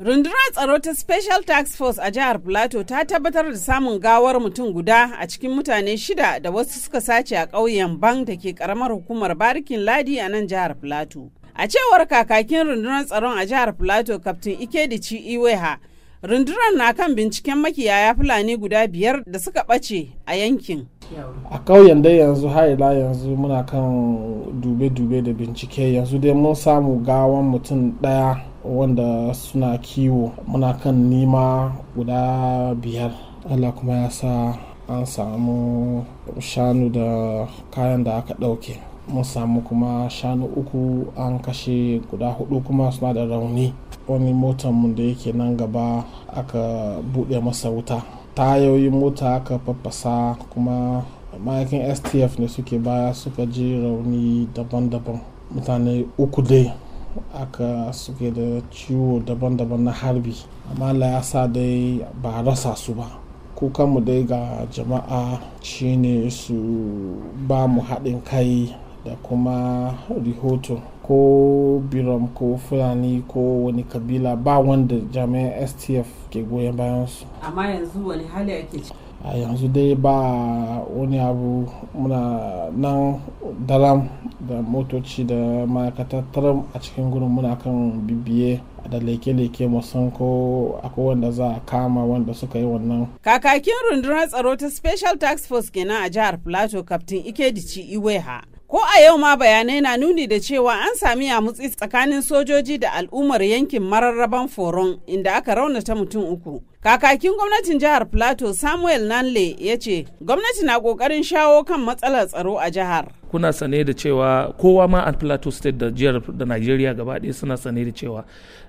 Rundunar tsaro ta Special Task Force a jihar Plateau ta tabbatar da samun gawar mutum guda a cikin mutane shida da wasu suka sace a ƙauyen bank da ke ƙaramar hukumar Barikin Ladi a nan jihar Plateau. A cewar kakakin rundunar tsaron a jihar Plateau, Kaftin Ikedici Iweha, rundunar na kan binciken makiyaya Fulani guda biyar da suka bace a yankin. a ƙauyen dai yanzu haila yanzu muna kan dube-dube da bincike yanzu dai mun samu gawan mutum ɗaya wanda suna kiwo muna kan nima guda biyar allah kuma ya sa an samu shanu da kayan da aka ɗauke mun samu kuma shanu uku an kashe guda hudu kuma suna da rauni wani motan mu da yake nan gaba aka buɗe masa wuta tayoyin mota aka faffasa kuma ma'aikin stf ne suke baya suka ji rauni daban-daban mutane uku dai aka suke da ciwo daban-daban na harbi amma Allah ya sa dai ba rasa su ba kukanmu dai ga jama'a shine su ba mu haɗin kai da kuma rihoto ko biram ko fulani ko wani kabila ba wanda jami'an stf ke goyon bayansu amma yanzu wani hali ake ciki a ah, yanzu dai ba wani abu muna nan daram da motoci da ma'aikatattaram a cikin gurin muna kan bibiye da leke-leke musan ko akwai wanda za a kama wanda suka yi wannan. Kakakin rundunar tsaro ta Special Task Force kenan a jihar Plateau, Captain Ikedici Iweha. Ko a yau ma bayanai na nuni da cewa an sami yamutsi tsakanin sojoji da al'ummar yankin mararraban foron inda aka raunata mutum uku. Kakakin gwamnatin jihar Plateau Samuel Nanle ya ce, gwamnati na ƙoƙarin shawo kan matsalar tsaro a jihar. kuna sane da cewa kowa ma a plateau state da jihar da nigeria gaba ɗaya suna sane da cewa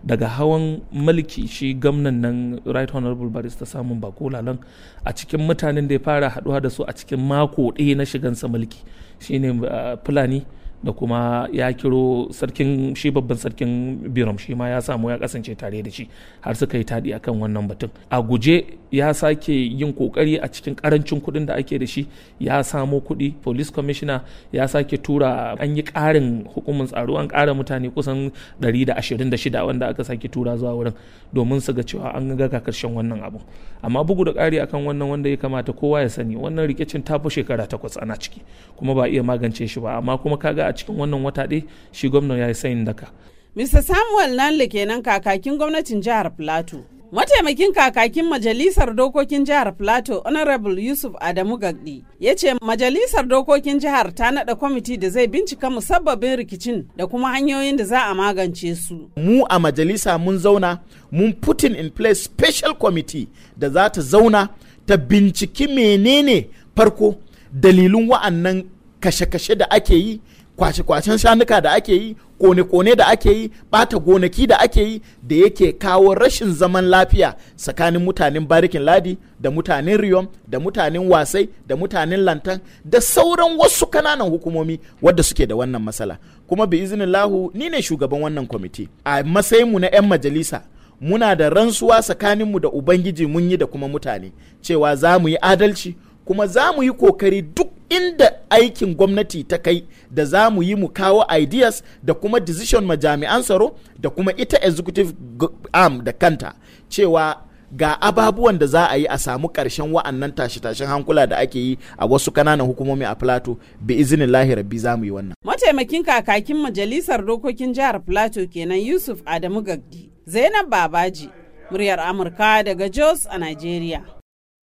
daga hawan mulki shi gwamnan nan right honorable barista samun bako lalan a cikin mutanen da ya fara haduwa da su a cikin mako ɗaya na shigansa mulki shine uh, fulani da kuma ya kiro sarkin shi babban sarkin biram shi ma ya samu ya kasance tare da shi har suka yi taɗi akan wannan batun a guje ya sake yin kokari a cikin karancin kuɗin da ake da shi ya samo kudi police commissioner ya sake tura an yi karin hukumar tsaro an kara mutane kusan 126 wanda aka sake tura zuwa wurin domin su ga cewa an ga karshen wannan abu amma bugu da kari akan wannan wanda ya kamata kowa ya sani wannan rikicin ta fi shekara takwas ana ciki kuma ba iya magance shi ba amma kuma kaga a cikin wannan wata dai shi gwamna ya yi sayin daka Mr. Samuel Nanle kenan kakakin gwamnatin jihar Plateau. Mataimakin kakakin Majalisar Dokokin Jihar Plateau Honorable Yusuf Adamu Gagdi ya ce Majalisar Dokokin Jihar ta naɗa kwamiti da zai bincika musabbabin rikicin da kuma hanyoyin da za a magance su. Mu a majalisa mun zauna mun putin in place special committee da za ta zauna ta binciki menene farko dalilin wa'annan kashe-kashe da ake yi kwashe-kwashen shanuka da ake yi kone-kone da ake yi bata gonaki da ake yi da yake kawo rashin zaman lafiya tsakanin mutanen barikin ladi da mutanen riyom da mutanen wasai da mutanen lantan da sauran wasu kananan hukumomi wadda suke da wannan matsala kuma bi izinin lahu ni ne shugaban wannan kwamiti a matsayinmu na 'yan majalisa muna da rantsuwa tsakaninmu da ubangiji mun yi da kuma mutane cewa za mu yi adalci kuma za mu yi kokari duk inda aikin gwamnati ta kai da za mu yi mu kawo ideas da kuma decision majami'an tsaro da kuma ita executive arm da kanta cewa ga ababuwan da za a yi a samu ƙarshen wa'annan tashe-tashen hankula da ake yi a wasu kananan hukumomi a plato bi izinin lahi bi za mu yi wannan. mataimakin kakakin majalisar dokokin jihar plato kenan yusuf adamu gagdi zainab babaji muryar amurka daga jos a nigeria